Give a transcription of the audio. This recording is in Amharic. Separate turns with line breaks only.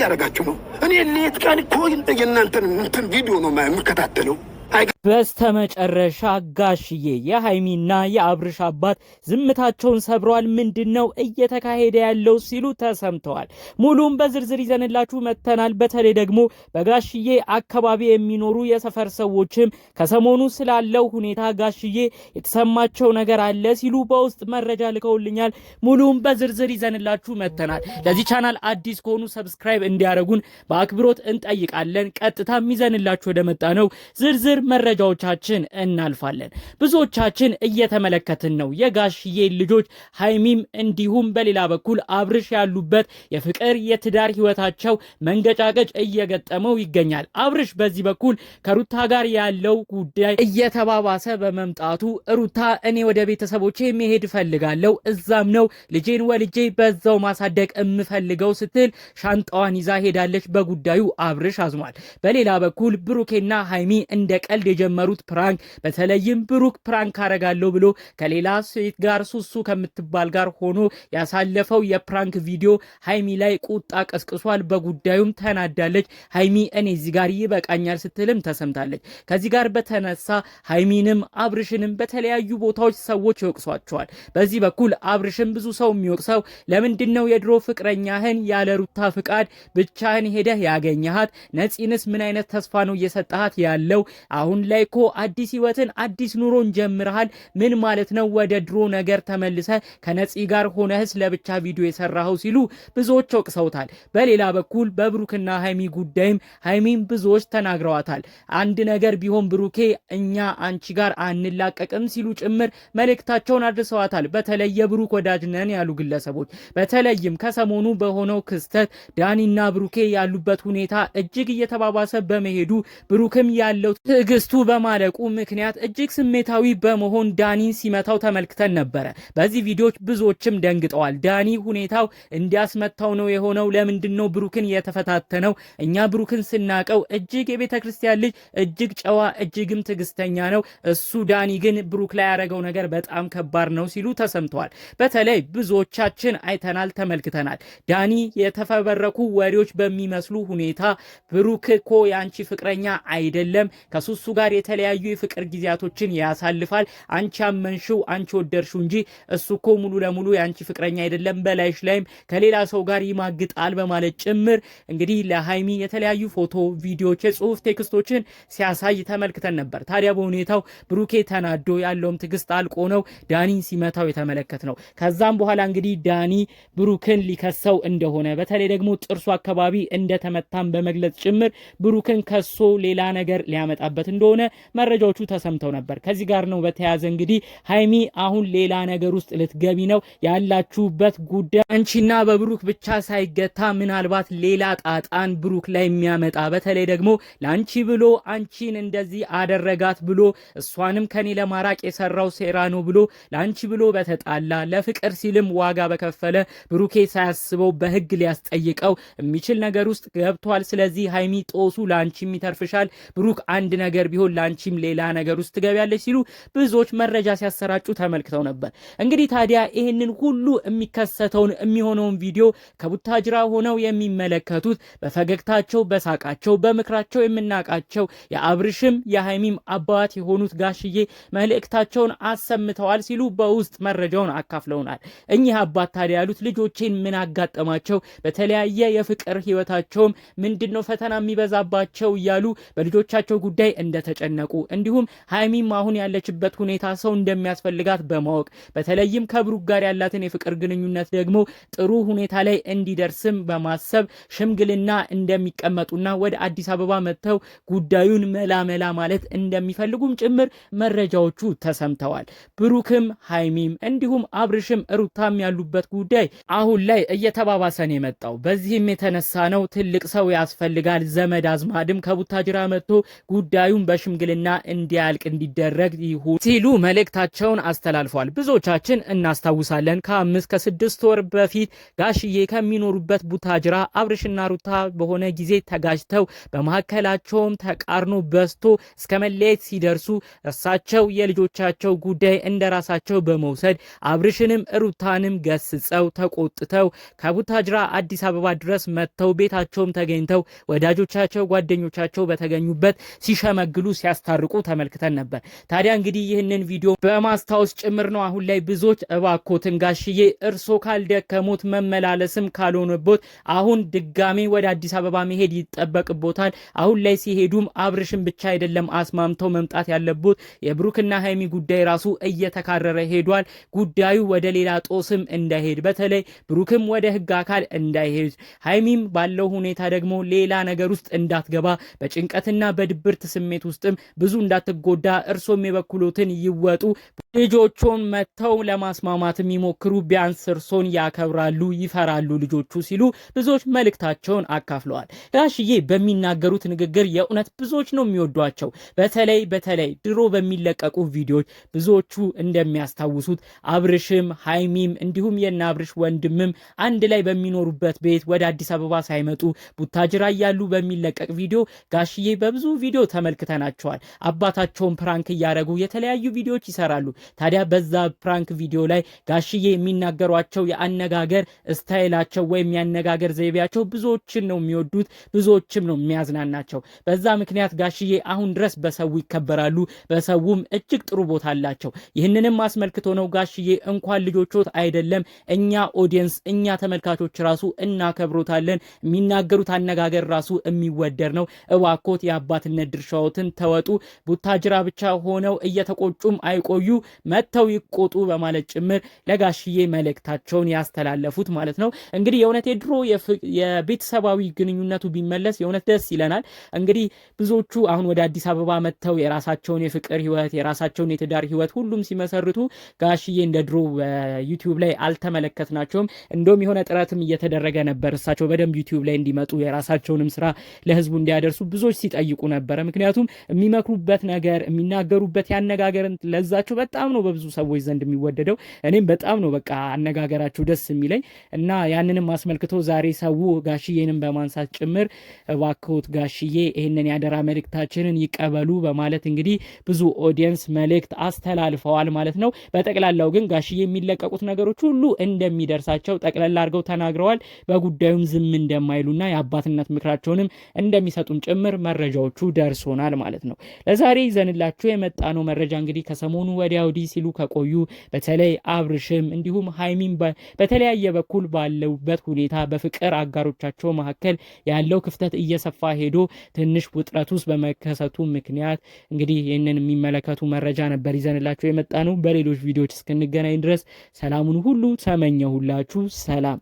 እያደረጋችሁ ነው? እኔ ሌት ቀን እኮ የእናንተን እንትን ቪዲዮ ነው የምከታተለው።
በስተመጨረሻ ጋሽዬ የሀይሚና የአብርሽ አባት ዝምታቸውን ሰብረዋል። ምንድን ነው እየተካሄደ ያለው ሲሉ ተሰምተዋል። ሙሉም በዝርዝር ይዘንላችሁ መጥተናል። በተለይ ደግሞ በጋሽዬ አካባቢ የሚኖሩ የሰፈር ሰዎችም ከሰሞኑ ስላለው ሁኔታ ጋሽዬ የተሰማቸው ነገር አለ ሲሉ በውስጥ መረጃ ልከውልኛል። ሙሉም በዝርዝር ይዘንላችሁ መጥተናል። ለዚህ ቻናል አዲስ ከሆኑ ሰብስክራይብ እንዲያደርጉን በአክብሮት እንጠይቃለን። ቀጥታም ይዘንላችሁ ወደ መጣ ነው ዝርዝር መረ መረጃዎቻችን እናልፋለን። ብዙዎቻችን እየተመለከትን ነው። የጋሽዬ ልጆች ሀይሚም እንዲሁም በሌላ በኩል አብርሽ ያሉበት የፍቅር የትዳር ህይወታቸው መንገጫገጭ እየገጠመው ይገኛል። አብርሽ በዚህ በኩል ከሩታ ጋር ያለው ጉዳይ እየተባባሰ በመምጣቱ ሩታ እኔ ወደ ቤተሰቦቼ መሄድ እፈልጋለሁ፣ እዛም ነው ልጄን ወልጄ በዛው ማሳደግ የምፈልገው ስትል ሻንጣዋን ይዛ ሄዳለች። በጉዳዩ አብርሽ አዝኗል። በሌላ በኩል ብሩኬና ሀይሚ እንደ ቀልድ የጀመሩት ፕራንክ በተለይም ብሩክ ፕራንክ አረጋለሁ ብሎ ከሌላ ሴት ጋር ሱሱ ከምትባል ጋር ሆኖ ያሳለፈው የፕራንክ ቪዲዮ ሀይሚ ላይ ቁጣ ቀስቅሷል። በጉዳዩም ተናዳለች። ሀይሚ እኔ እዚህ ጋር ይበቃኛል ስትልም ተሰምታለች። ከዚህ ጋር በተነሳ ሀይሚንም አብርሽንም በተለያዩ ቦታዎች ሰዎች ይወቅሷቸዋል። በዚህ በኩል አብርሽን ብዙ ሰው የሚወቅሰው ለምንድን ነው የድሮ ፍቅረኛህን ያለ ሩታ ፍቃድ ብቻህን ሄደህ ያገኘሃት? ነፂንስ ምን አይነት ተስፋ ነው እየሰጠሃት ያለው? አሁን ላይ እኮ አዲስ ህይወትን አዲስ ኑሮን ጀምረሃል። ምን ማለት ነው? ወደ ድሮ ነገር ተመልሰ ከነፂ ጋር ሆነህስ ለብቻ ቪዲዮ የሰራኸው ሲሉ ብዙዎች ወቅሰውታል። በሌላ በኩል በብሩክና ሀይሚ ጉዳይም ሀይሚም ብዙዎች ተናግረዋታል። አንድ ነገር ቢሆን ብሩኬ እኛ አንቺ ጋር አንላቀቅም ሲሉ ጭምር መልእክታቸውን አድርሰዋታል። በተለይ የብሩክ ወዳጅ ነን ያሉ ግለሰቦች በተለይም ከሰሞኑ በሆነው ክስተት ዳኒና ብሩኬ ያሉበት ሁኔታ እጅግ እየተባባሰ በመሄዱ ብሩክም ያለው ትዕግስቱ በማለቁ ምክንያት እጅግ ስሜታዊ በመሆን ዳኒን ሲመታው ተመልክተን ነበረ። በዚህ ቪዲዮች ብዙዎችም ደንግጠዋል። ዳኒ ሁኔታው እንዲያስመታው ነው የሆነው። ለምንድን ነው ብሩክን የተፈታተነው? እኛ ብሩክን ስናቀው እጅግ የቤተ ክርስቲያን ልጅ፣ እጅግ ጨዋ፣ እጅግም ትዕግስተኛ ነው። እሱ ዳኒ ግን ብሩክ ላይ ያደረገው ነገር በጣም ከባድ ነው ሲሉ ተሰምተዋል። በተለይ ብዙዎቻችን አይተናል፣ ተመልክተናል። ዳኒ የተፈበረኩ ወሬዎች በሚመስሉ ሁኔታ ብሩክ እኮ የአንቺ ፍቅረኛ አይደለም ከሱሱ ጋር ጋር የተለያዩ የፍቅር ጊዜያቶችን ያሳልፋል። አንቺ አመንሽው፣ አንቺ ወደድሽው እንጂ እሱ እኮ ሙሉ ለሙሉ የአንቺ ፍቅረኛ አይደለም፣ በላይሽ ላይም ከሌላ ሰው ጋር ይማግጣል በማለት ጭምር እንግዲህ ለሀይሚ የተለያዩ ፎቶ፣ ቪዲዮዎች፣ የጽሁፍ ቴክስቶችን ሲያሳይ ተመልክተን ነበር። ታዲያ በሁኔታው ብሩኬ ተናዶ ያለውም ትግስት አልቆ ነው ዳኒ ሲመታው የተመለከት ነው። ከዛም በኋላ እንግዲህ ዳኒ ብሩክን ሊከሰው እንደሆነ በተለይ ደግሞ ጥርሱ አካባቢ እንደተመታም በመግለጽ ጭምር ብሩክን ከሶ ሌላ ነገር ሊያመጣበት እንደሆነ እንደሆነ መረጃዎቹ ተሰምተው ነበር። ከዚህ ጋር ነው በተያያዘ እንግዲህ ሀይሚ አሁን ሌላ ነገር ውስጥ ልትገቢ ነው ያላችሁበት ጉዳይ አንቺና በብሩክ ብቻ ሳይገታ ምናልባት ሌላ ጣጣን ብሩክ ላይ የሚያመጣ በተለይ ደግሞ ለአንቺ ብሎ አንቺን እንደዚህ አደረጋት ብሎ እሷንም ከኔ ለማራቅ የሰራው ሴራ ነው ብሎ ለአንቺ ብሎ በተጣላ ለፍቅር ሲልም ዋጋ በከፈለ ብሩኬ ሳያስበው በህግ ሊያስጠይቀው የሚችል ነገር ውስጥ ገብቷል። ስለዚህ ሀይሚ ጦሱ ለአንቺም ይተርፍሻል። ብሩክ አንድ ነገር ቢሆን ቢሆን ለአንቺም ሌላ ነገር ውስጥ ትገቢያለች ሲሉ ብዙዎች መረጃ ሲያሰራጩ ተመልክተው ነበር። እንግዲህ ታዲያ ይህንን ሁሉ የሚከሰተውን የሚሆነውን ቪዲዮ ከቡታጅራ ሆነው የሚመለከቱት በፈገግታቸው፣ በሳቃቸው፣ በምክራቸው የምናውቃቸው የአብርሽም የሀይሚም አባት የሆኑት ጋሽዬ መልእክታቸውን አሰምተዋል ሲሉ በውስጥ መረጃውን አካፍለውናል። እኚህ አባት ታዲያ ያሉት ልጆቼን ምን አጋጠማቸው? በተለያየ የፍቅር ህይወታቸውም ምንድን ነው ፈተና የሚበዛባቸው እያሉ በልጆቻቸው ጉዳይ እንደ ተጨነቁ እንዲሁም ሀይሚም አሁን ያለችበት ሁኔታ ሰው እንደሚያስፈልጋት በማወቅ በተለይም ከብሩክ ጋር ያላትን የፍቅር ግንኙነት ደግሞ ጥሩ ሁኔታ ላይ እንዲደርስም በማሰብ ሽምግልና እንደሚቀመጡና ወደ አዲስ አበባ መጥተው ጉዳዩን መላመላ ማለት እንደሚፈልጉም ጭምር መረጃዎቹ ተሰምተዋል። ብሩክም ሀይሚም እንዲሁም አብርሽም ሩታም ያሉበት ጉዳይ አሁን ላይ እየተባባሰን የመጣው በዚህም የተነሳ ነው። ትልቅ ሰው ያስፈልጋል። ዘመድ አዝማድም ከቡታጅራ መጥቶ ጉዳዩን በ በሽምግልና እንዲያልቅ እንዲደረግ ይሁን ሲሉ መልእክታቸውን አስተላልፏል። ብዙዎቻችን እናስታውሳለን ከአምስት ከስድስት ወር በፊት ጋሽዬ ከሚኖሩበት ቡታጅራ አብርሽና ሩታ በሆነ ጊዜ ተጋጅተው በመካከላቸውም ተቃርኖ በስቶ እስከ መለየት ሲደርሱ እርሳቸው የልጆቻቸው ጉዳይ እንደራሳቸው በመውሰድ አብርሽንም ሩታንም ገስጸው ተቆጥተው ከቡታጅራ አዲስ አበባ ድረስ መጥተው ቤታቸውም ተገኝተው ወዳጆቻቸው ጓደኞቻቸው በተገኙበት ሲሸመግሉ ሲያስታርቁ ተመልክተን ነበር። ታዲያ እንግዲህ ይህንን ቪዲዮ በማስታወስ ጭምር ነው አሁን ላይ ብዙዎች እባኮትን ጋሽዬ እርሶ ካልደከሙት መመላለስም ካልሆነቦት አሁን ድጋሜ ወደ አዲስ አበባ መሄድ ይጠበቅቦታል። አሁን ላይ ሲሄዱም አብርሽን ብቻ አይደለም አስማምተው መምጣት ያለቦት። የብሩክና ሀይሚ ጉዳይ ራሱ እየተካረረ ሄዷል። ጉዳዩ ወደ ሌላ ጦስም እንዳይሄድ በተለይ ብሩክም ወደ ህግ አካል እንዳይሄድ ሀይሚም ባለው ሁኔታ ደግሞ ሌላ ነገር ውስጥ እንዳትገባ በጭንቀትና በድብርት ስሜት ውስጥ ውስጥም ብዙ እንዳትጎዳ እርሶም የበኩሎትን ይወጡ። ልጆቹን መጥተው ለማስማማት የሚሞክሩ ቢያንስ እርሶን ያከብራሉ፣ ይፈራሉ ልጆቹ ሲሉ ብዙዎች መልእክታቸውን አካፍለዋል። ጋሽዬ በሚናገሩት ንግግር የእውነት ብዙዎች ነው የሚወዷቸው። በተለይ በተለይ ድሮ በሚለቀቁ ቪዲዮዎች ብዙዎቹ እንደሚያስታውሱት አብርሽም ሀይሚም እንዲሁም የነ አብርሽ ወንድምም አንድ ላይ በሚኖሩበት ቤት ወደ አዲስ አበባ ሳይመጡ ቡታጅራ እያሉ በሚለቀቅ ቪዲዮ ጋሽዬ በብዙ ቪዲዮ ተመልክተናል ይሆናቸዋል። አባታቸውን ፕራንክ እያደረጉ የተለያዩ ቪዲዮዎች ይሰራሉ። ታዲያ በዛ ፕራንክ ቪዲዮ ላይ ጋሽዬ የሚናገሯቸው የአነጋገር ስታይላቸው ወይም የአነጋገር ዘይቤያቸው ብዙዎችን ነው የሚወዱት፣ ብዙዎችም ነው የሚያዝናናቸው። በዛ ምክንያት ጋሽዬ አሁን ድረስ በሰው ይከበራሉ፣ በሰውም እጅግ ጥሩ ቦታ አላቸው። ይህንንም አስመልክቶ ነው ጋሽዬ እንኳን ልጆቾት አይደለም እኛ ኦዲየንስ እኛ ተመልካቾች ራሱ እናከብሮታለን። የሚናገሩት አነጋገር ራሱ የሚወደር ነው። እባኮት የአባትነት ድርሻዎትን ተወጡ። ቡታጅራ ብቻ ሆነው እየተቆጩም አይቆዩ፣ መጥተው ይቆጡ በማለት ጭምር ለጋሽዬ መልእክታቸውን ያስተላለፉት ማለት ነው። እንግዲህ የእውነት የድሮ የቤተሰባዊ ግንኙነቱ ቢመለስ የእውነት ደስ ይለናል። እንግዲህ ብዙዎቹ አሁን ወደ አዲስ አበባ መጥተው የራሳቸውን የፍቅር ህይወት የራሳቸውን የትዳር ህይወት ሁሉም ሲመሰርቱ ጋሽዬ እንደ ድሮ በዩቲዩብ ላይ አልተመለከትናቸውም። እንደውም የሆነ ጥረትም እየተደረገ ነበር እሳቸው በደንብ ዩቲዩብ ላይ እንዲመጡ የራሳቸውንም ስራ ለህዝቡ እንዲያደርሱ ብዙዎች ሲጠይቁ ነበረ። ምክንያቱም የሚመክሩበት ነገር የሚናገሩበት ያነጋገርን ለዛቸው በጣም ነው በብዙ ሰዎች ዘንድ የሚወደደው። እኔም በጣም ነው በቃ አነጋገራቸው ደስ የሚለኝ እና ያንንም አስመልክቶ ዛሬ ሰው ጋሽዬንም በማንሳት ጭምር እባክዎት ጋሽዬ ይህንን ያደራ መልእክታችንን ይቀበሉ በማለት እንግዲህ ብዙ ኦዲየንስ መልእክት አስተላልፈዋል ማለት ነው። በጠቅላላው ግን ጋሽዬ የሚለቀቁት ነገሮች ሁሉ እንደሚደርሳቸው ጠቅለላ አድርገው ተናግረዋል። በጉዳዩም ዝም እንደማይሉና የአባትነት ምክራቸውንም እንደሚሰጡም ጭምር መረጃዎቹ ደርሶናል ማለት ማለት ነው። ለዛሬ ይዘንላችሁ የመጣ ነው መረጃ እንግዲህ ከሰሞኑ ወዲያ ወዲህ ሲሉ ከቆዩ በተለይ አብርሽም እንዲሁም ሀይሚም በተለያየ በኩል ባለውበት ሁኔታ በፍቅር አጋሮቻቸው መካከል ያለው ክፍተት እየሰፋ ሄዶ ትንሽ ውጥረት ውስጥ በመከሰቱ ምክንያት እንግዲህ ይህንን የሚመለከቱ መረጃ ነበር ይዘንላችሁ የመጣ ነው። በሌሎች ቪዲዮዎች እስክንገናኝ ድረስ ሰላሙን ሁሉ ተመኘሁላችሁ። ሰላም